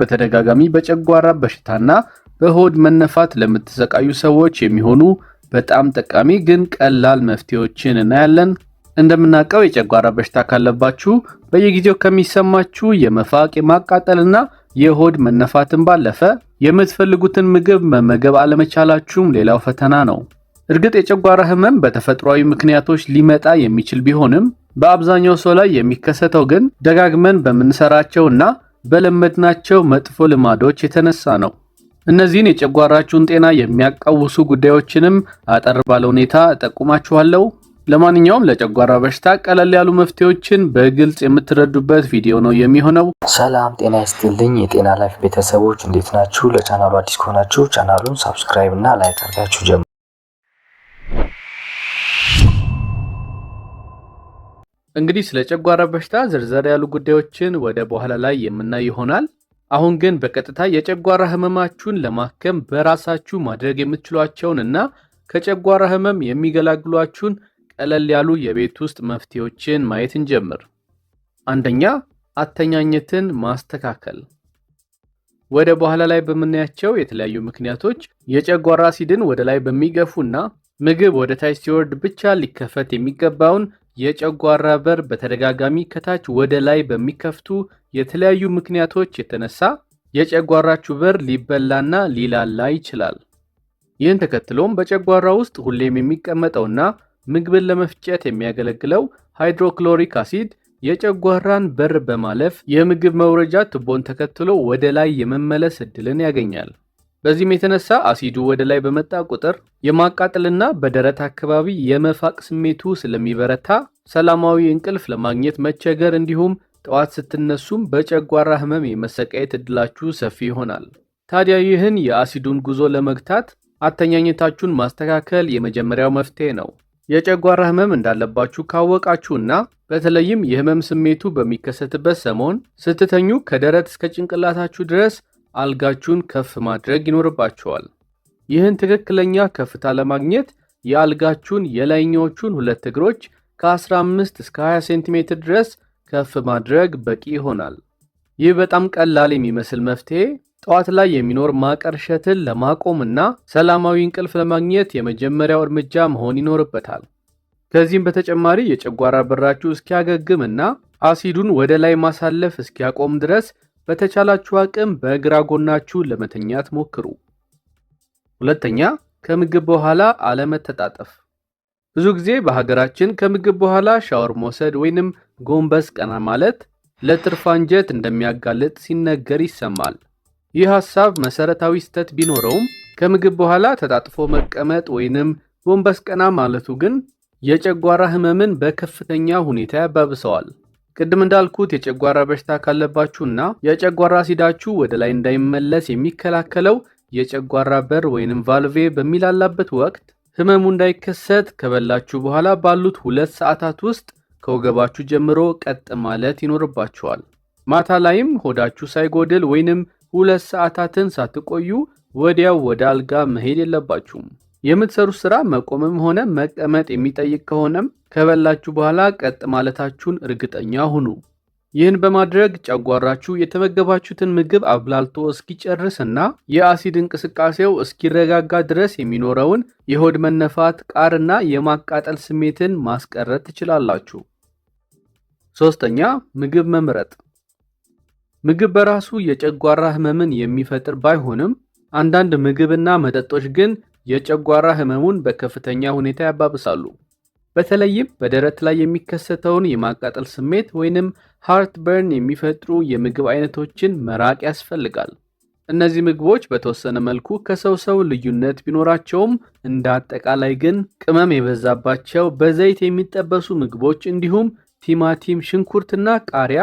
በተደጋጋሚ በጨጓራ በሽታና በሆድ መነፋት ለምትሰቃዩ ሰዎች የሚሆኑ በጣም ጠቃሚ ግን ቀላል መፍትሄዎችን እናያለን። እንደምናውቀው የጨጓራ በሽታ ካለባችሁ በየጊዜው ከሚሰማችሁ የመፋቅ የማቃጠልና የሆድ መነፋትን ባለፈ የምትፈልጉትን ምግብ መመገብ አለመቻላችሁም ሌላው ፈተና ነው። እርግጥ የጨጓራ ህመም በተፈጥሯዊ ምክንያቶች ሊመጣ የሚችል ቢሆንም በአብዛኛው ሰው ላይ የሚከሰተው ግን ደጋግመን በምንሰራቸው እና በለመድናቸው መጥፎ ልማዶች የተነሳ ነው። እነዚህን የጨጓራችሁን ጤና የሚያቃውሱ ጉዳዮችንም አጠር ባለ ሁኔታ እጠቁማችኋለሁ። ለማንኛውም ለጨጓራ በሽታ ቀለል ያሉ መፍትሄዎችን በግልጽ የምትረዱበት ቪዲዮ ነው የሚሆነው። ሰላም ጤና ይስጥልኝ የጤና ላይፍ ቤተሰቦች እንዴት ናችሁ? ለቻናሉ አዲስ ከሆናችሁ ቻናሉን ሳብስክራይብ እና ላይክ አድርጋችሁ ጀምሩ። እንግዲህ ስለ ጨጓራ በሽታ ዝርዝር ያሉ ጉዳዮችን ወደ በኋላ ላይ የምናይ ይሆናል። አሁን ግን በቀጥታ የጨጓራ ህመማችሁን ለማከም በራሳችሁ ማድረግ የምትችሏቸውን እና ከጨጓራ ህመም የሚገላግሏችሁን ቀለል ያሉ የቤት ውስጥ መፍትሄዎችን ማየት እንጀምር። አንደኛ አተኛኘትን ማስተካከል። ወደ በኋላ ላይ በምናያቸው የተለያዩ ምክንያቶች የጨጓራ አሲድን ወደ ላይ በሚገፉና ምግብ ወደ ታች ሲወርድ ብቻ ሊከፈት የሚገባውን የጨጓራ በር በተደጋጋሚ ከታች ወደ ላይ በሚከፍቱ የተለያዩ ምክንያቶች የተነሳ የጨጓራችሁ በር ሊበላና ሊላላ ይችላል። ይህን ተከትሎም በጨጓራ ውስጥ ሁሌም የሚቀመጠውና ምግብን ለመፍጨት የሚያገለግለው ሃይድሮክሎሪክ አሲድ የጨጓራን በር በማለፍ የምግብ መውረጃ ቱቦን ተከትሎ ወደ ላይ የመመለስ እድልን ያገኛል። በዚህም የተነሳ አሲዱ ወደ ላይ በመጣ ቁጥር የማቃጠልና በደረት አካባቢ የመፋቅ ስሜቱ ስለሚበረታ ሰላማዊ እንቅልፍ ለማግኘት መቸገር እንዲሁም ጠዋት ስትነሱም በጨጓራ ህመም የመሰቃየት እድላችሁ ሰፊ ይሆናል። ታዲያ ይህን የአሲዱን ጉዞ ለመግታት አተኛኘታችሁን ማስተካከል የመጀመሪያው መፍትሄ ነው። የጨጓራ ህመም እንዳለባችሁ ካወቃችሁና በተለይም የህመም ስሜቱ በሚከሰትበት ሰሞን ስትተኙ ከደረት እስከ ጭንቅላታችሁ ድረስ አልጋችሁን ከፍ ማድረግ ይኖርባችኋል። ይህን ትክክለኛ ከፍታ ለማግኘት የአልጋችሁን የላይኛዎቹን ሁለት እግሮች ከ15 እስከ 20 ሴንቲሜትር ድረስ ከፍ ማድረግ በቂ ይሆናል። ይህ በጣም ቀላል የሚመስል መፍትሄ ጠዋት ላይ የሚኖር ማቀርሸትን ለማቆምና ሰላማዊ እንቅልፍ ለማግኘት የመጀመሪያው እርምጃ መሆን ይኖርበታል። ከዚህም በተጨማሪ የጨጓራ በራችሁ እስኪያገግም እና አሲዱን ወደ ላይ ማሳለፍ እስኪያቆም ድረስ በተቻላችሁ አቅም በግራ ጎናችሁ ለመተኛት ሞክሩ። ሁለተኛ ከምግብ በኋላ አለመተጣጠፍ። ብዙ ጊዜ በሀገራችን ከምግብ በኋላ ሻወር መውሰድ ወይንም ጎንበስ ቀና ማለት ለትርፍ አንጀት እንደሚያጋልጥ ሲነገር ይሰማል። ይህ ሐሳብ መሰረታዊ ስህተት ቢኖረውም ከምግብ በኋላ ተጣጥፎ መቀመጥ ወይንም ጎንበስ ቀና ማለቱ ግን የጨጓራ ህመምን በከፍተኛ ሁኔታ ያባብሰዋል። ቅድም እንዳልኩት የጨጓራ በሽታ ካለባችሁ እና የጨጓራ አሲዳችሁ ወደ ላይ እንዳይመለስ የሚከላከለው የጨጓራ በር ወይንም ቫልቬ በሚላላበት ወቅት ህመሙ እንዳይከሰት ከበላችሁ በኋላ ባሉት ሁለት ሰዓታት ውስጥ ከወገባችሁ ጀምሮ ቀጥ ማለት ይኖርባችኋል። ማታ ላይም ሆዳችሁ ሳይጎድል ወይንም ሁለት ሰዓታትን ሳትቆዩ ወዲያው ወደ አልጋ መሄድ የለባችሁም። የምትሰሩት ስራ መቆምም ሆነ መቀመጥ የሚጠይቅ ከሆነም ከበላችሁ በኋላ ቀጥ ማለታችሁን እርግጠኛ ሁኑ። ይህን በማድረግ ጨጓራችሁ የተመገባችሁትን ምግብ አብላልቶ እስኪጨርስና የአሲድ እንቅስቃሴው እስኪረጋጋ ድረስ የሚኖረውን የሆድ መነፋት፣ ቃርና የማቃጠል ስሜትን ማስቀረት ትችላላችሁ። ሶስተኛ ምግብ መምረጥ። ምግብ በራሱ የጨጓራ ህመምን የሚፈጥር ባይሆንም አንዳንድ ምግብና መጠጦች ግን የጨጓራ ህመሙን በከፍተኛ ሁኔታ ያባብሳሉ። በተለይም በደረት ላይ የሚከሰተውን የማቃጠል ስሜት ወይንም ሃርት በርን የሚፈጥሩ የምግብ አይነቶችን መራቅ ያስፈልጋል። እነዚህ ምግቦች በተወሰነ መልኩ ከሰው ሰው ልዩነት ቢኖራቸውም እንደ አጠቃላይ ግን ቅመም የበዛባቸው በዘይት የሚጠበሱ ምግቦች እንዲሁም ቲማቲም፣ ሽንኩርትና ቃሪያ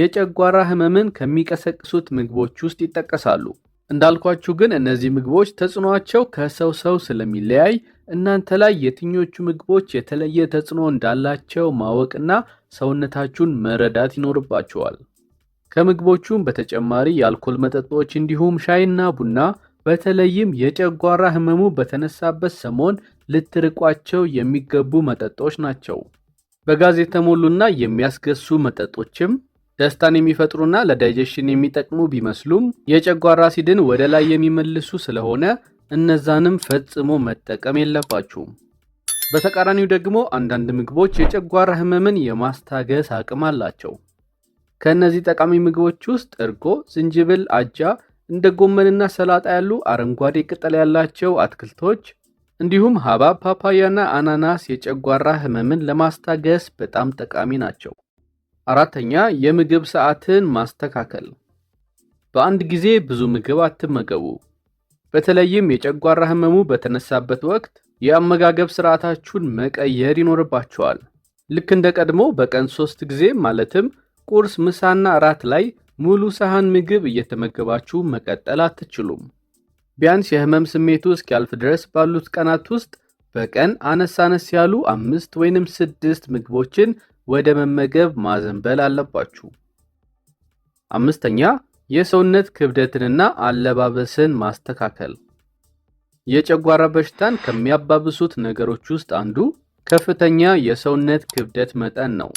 የጨጓራ ህመምን ከሚቀሰቅሱት ምግቦች ውስጥ ይጠቀሳሉ። እንዳልኳችሁ ግን እነዚህ ምግቦች ተጽዕኖቸው ከሰው ሰው ስለሚለያይ እናንተ ላይ የትኞቹ ምግቦች የተለየ ተጽዕኖ እንዳላቸው ማወቅና ሰውነታችሁን መረዳት ይኖርባችኋል። ከምግቦቹም በተጨማሪ የአልኮል መጠጦች እንዲሁም ሻይና ቡና በተለይም የጨጓራ ህመሙ በተነሳበት ሰሞን ልትርቋቸው የሚገቡ መጠጦች ናቸው። በጋዝ የተሞሉና የሚያስገሱ መጠጦችም ደስታን የሚፈጥሩና ለዳይጀሽን የሚጠቅሙ ቢመስሉም የጨጓራ አሲድን ወደ ላይ የሚመልሱ ስለሆነ እነዛንም ፈጽሞ መጠቀም የለባችሁም። በተቃራኒው ደግሞ አንዳንድ ምግቦች የጨጓራ ህመምን የማስታገስ አቅም አላቸው። ከእነዚህ ጠቃሚ ምግቦች ውስጥ እርጎ፣ ዝንጅብል፣ አጃ፣ እንደ ጎመንና ሰላጣ ያሉ አረንጓዴ ቅጠል ያላቸው አትክልቶች እንዲሁም ሀባብ፣ ፓፓያና አናናስ የጨጓራ ህመምን ለማስታገስ በጣም ጠቃሚ ናቸው። አራተኛ የምግብ ሰዓትን ማስተካከል። በአንድ ጊዜ ብዙ ምግብ አትመገቡ። በተለይም የጨጓራ ህመሙ በተነሳበት ወቅት የአመጋገብ ስርዓታችሁን መቀየር ይኖርባችኋል። ልክ እንደ ቀድሞ በቀን ሶስት ጊዜ ማለትም ቁርስ፣ ምሳና እራት ላይ ሙሉ ሳህን ምግብ እየተመገባችሁ መቀጠል አትችሉም። ቢያንስ የህመም ስሜቱ እስኪያልፍ ድረስ ባሉት ቀናት ውስጥ በቀን አነስ አነስ ያሉ አምስት ወይንም ስድስት ምግቦችን ወደ መመገብ ማዘንበል አለባችሁ። አምስተኛ የሰውነት ክብደትንና አለባበስን ማስተካከል። የጨጓራ በሽታን ከሚያባብሱት ነገሮች ውስጥ አንዱ ከፍተኛ የሰውነት ክብደት መጠን ነው።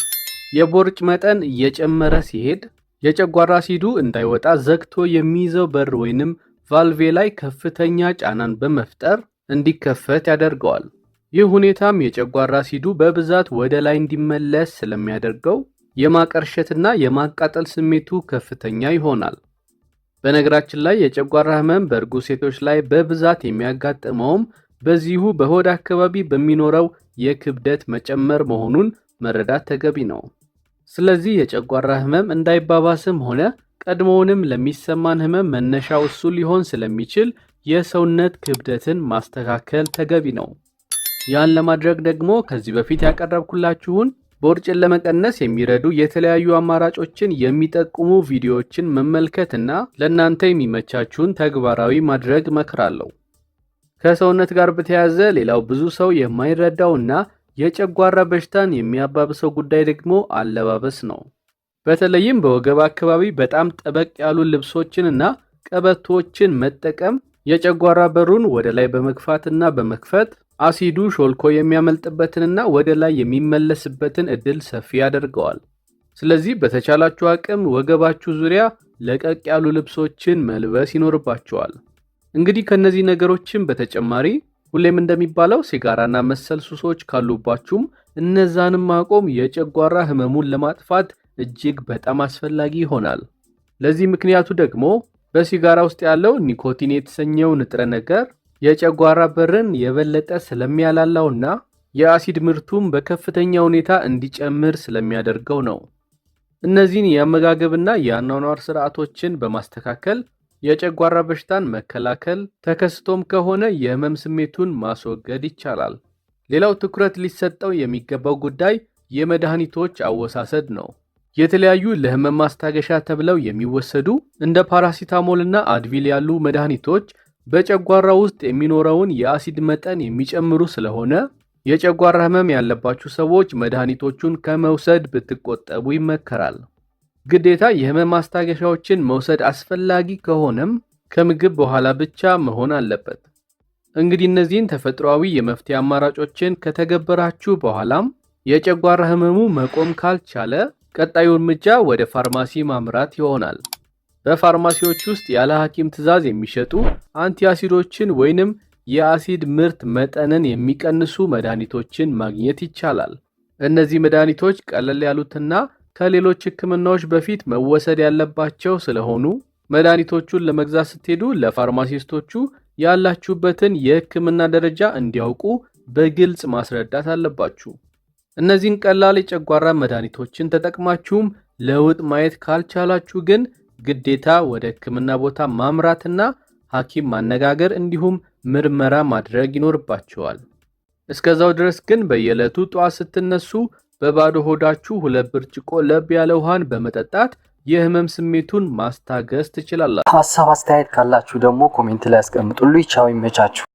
የቦርጭ መጠን እየጨመረ ሲሄድ የጨጓራ ሲዱ እንዳይወጣ ዘግቶ የሚይዘው በር ወይንም ቫልቬ ላይ ከፍተኛ ጫናን በመፍጠር እንዲከፈት ያደርገዋል። ይህ ሁኔታም የጨጓራ ሲዱ በብዛት ወደ ላይ እንዲመለስ ስለሚያደርገው የማቀርሸትና የማቃጠል ስሜቱ ከፍተኛ ይሆናል። በነገራችን ላይ የጨጓራ ህመም በእርጉዝ ሴቶች ላይ በብዛት የሚያጋጥመውም በዚሁ በሆድ አካባቢ በሚኖረው የክብደት መጨመር መሆኑን መረዳት ተገቢ ነው። ስለዚህ የጨጓራ ህመም እንዳይባባስም ሆነ ቀድሞውንም ለሚሰማን ህመም መነሻው እሱ ሊሆን ስለሚችል የሰውነት ክብደትን ማስተካከል ተገቢ ነው። ያን ለማድረግ ደግሞ ከዚህ በፊት ያቀረብኩላችሁን ቦርጭን ለመቀነስ የሚረዱ የተለያዩ አማራጮችን የሚጠቁሙ ቪዲዮዎችን መመልከትና ለእናንተ የሚመቻችሁን ተግባራዊ ማድረግ እመክራለሁ። ከሰውነት ጋር በተያያዘ ሌላው ብዙ ሰው የማይረዳውና የጨጓራ በሽታን የሚያባብሰው ጉዳይ ደግሞ አለባበስ ነው። በተለይም በወገብ አካባቢ በጣም ጠበቅ ያሉ ልብሶችንና ቀበቶዎችን መጠቀም የጨጓራ በሩን ወደ ላይ በመግፋትና በመክፈት አሲዱ ሾልኮ የሚያመልጥበትንና ወደ ላይ የሚመለስበትን እድል ሰፊ ያደርገዋል። ስለዚህ በተቻላችሁ አቅም ወገባችሁ ዙሪያ ለቀቅ ያሉ ልብሶችን መልበስ ይኖርባችኋል። እንግዲህ ከእነዚህ ነገሮችም በተጨማሪ ሁሌም እንደሚባለው ሲጋራና መሰል ሱሶች ካሉባችሁም እነዛንም ማቆም የጨጓራ ህመሙን ለማጥፋት እጅግ በጣም አስፈላጊ ይሆናል። ለዚህ ምክንያቱ ደግሞ በሲጋራ ውስጥ ያለው ኒኮቲን የተሰኘው ንጥረ ነገር የጨጓራ በርን የበለጠ ስለሚያላላውና የአሲድ ምርቱም በከፍተኛ ሁኔታ እንዲጨምር ስለሚያደርገው ነው። እነዚህን የአመጋገብና የአኗኗር ስርዓቶችን በማስተካከል የጨጓራ በሽታን መከላከል፣ ተከስቶም ከሆነ የህመም ስሜቱን ማስወገድ ይቻላል። ሌላው ትኩረት ሊሰጠው የሚገባው ጉዳይ የመድኃኒቶች አወሳሰድ ነው። የተለያዩ ለህመም ማስታገሻ ተብለው የሚወሰዱ እንደ ፓራሲታሞልና አድቪል ያሉ መድኃኒቶች በጨጓራ ውስጥ የሚኖረውን የአሲድ መጠን የሚጨምሩ ስለሆነ የጨጓራ ህመም ያለባችሁ ሰዎች መድኃኒቶቹን ከመውሰድ ብትቆጠቡ ይመከራል። ግዴታ የህመም ማስታገሻዎችን መውሰድ አስፈላጊ ከሆነም ከምግብ በኋላ ብቻ መሆን አለበት። እንግዲህ እነዚህን ተፈጥሯዊ የመፍትሄ አማራጮችን ከተገበራችሁ በኋላም የጨጓራ ህመሙ መቆም ካልቻለ ቀጣዩ እርምጃ ወደ ፋርማሲ ማምራት ይሆናል። በፋርማሲዎች ውስጥ ያለ ሐኪም ትዕዛዝ የሚሸጡ አንቲአሲዶችን ወይንም የአሲድ ምርት መጠንን የሚቀንሱ መድኃኒቶችን ማግኘት ይቻላል። እነዚህ መድኃኒቶች ቀለል ያሉትና ከሌሎች ሕክምናዎች በፊት መወሰድ ያለባቸው ስለሆኑ መድኃኒቶቹን ለመግዛት ስትሄዱ ለፋርማሲስቶቹ ያላችሁበትን የሕክምና ደረጃ እንዲያውቁ በግልጽ ማስረዳት አለባችሁ። እነዚህን ቀላል የጨጓራ መድኃኒቶችን ተጠቅማችሁም ለውጥ ማየት ካልቻላችሁ ግን ግዴታ ወደ ህክምና ቦታ ማምራትና ሐኪም ማነጋገር እንዲሁም ምርመራ ማድረግ ይኖርባቸዋል። እስከዛው ድረስ ግን በየዕለቱ ጠዋት ስትነሱ በባዶ ሆዳችሁ ሁለት ብርጭቆ ለብ ያለ ውሃን በመጠጣት የህመም ስሜቱን ማስታገስ ትችላላችሁ። ሀሳብ አስተያየት ካላችሁ ደግሞ ኮሜንት ላይ ያስቀምጡልኝ። ቻው፣ ይመቻችሁ።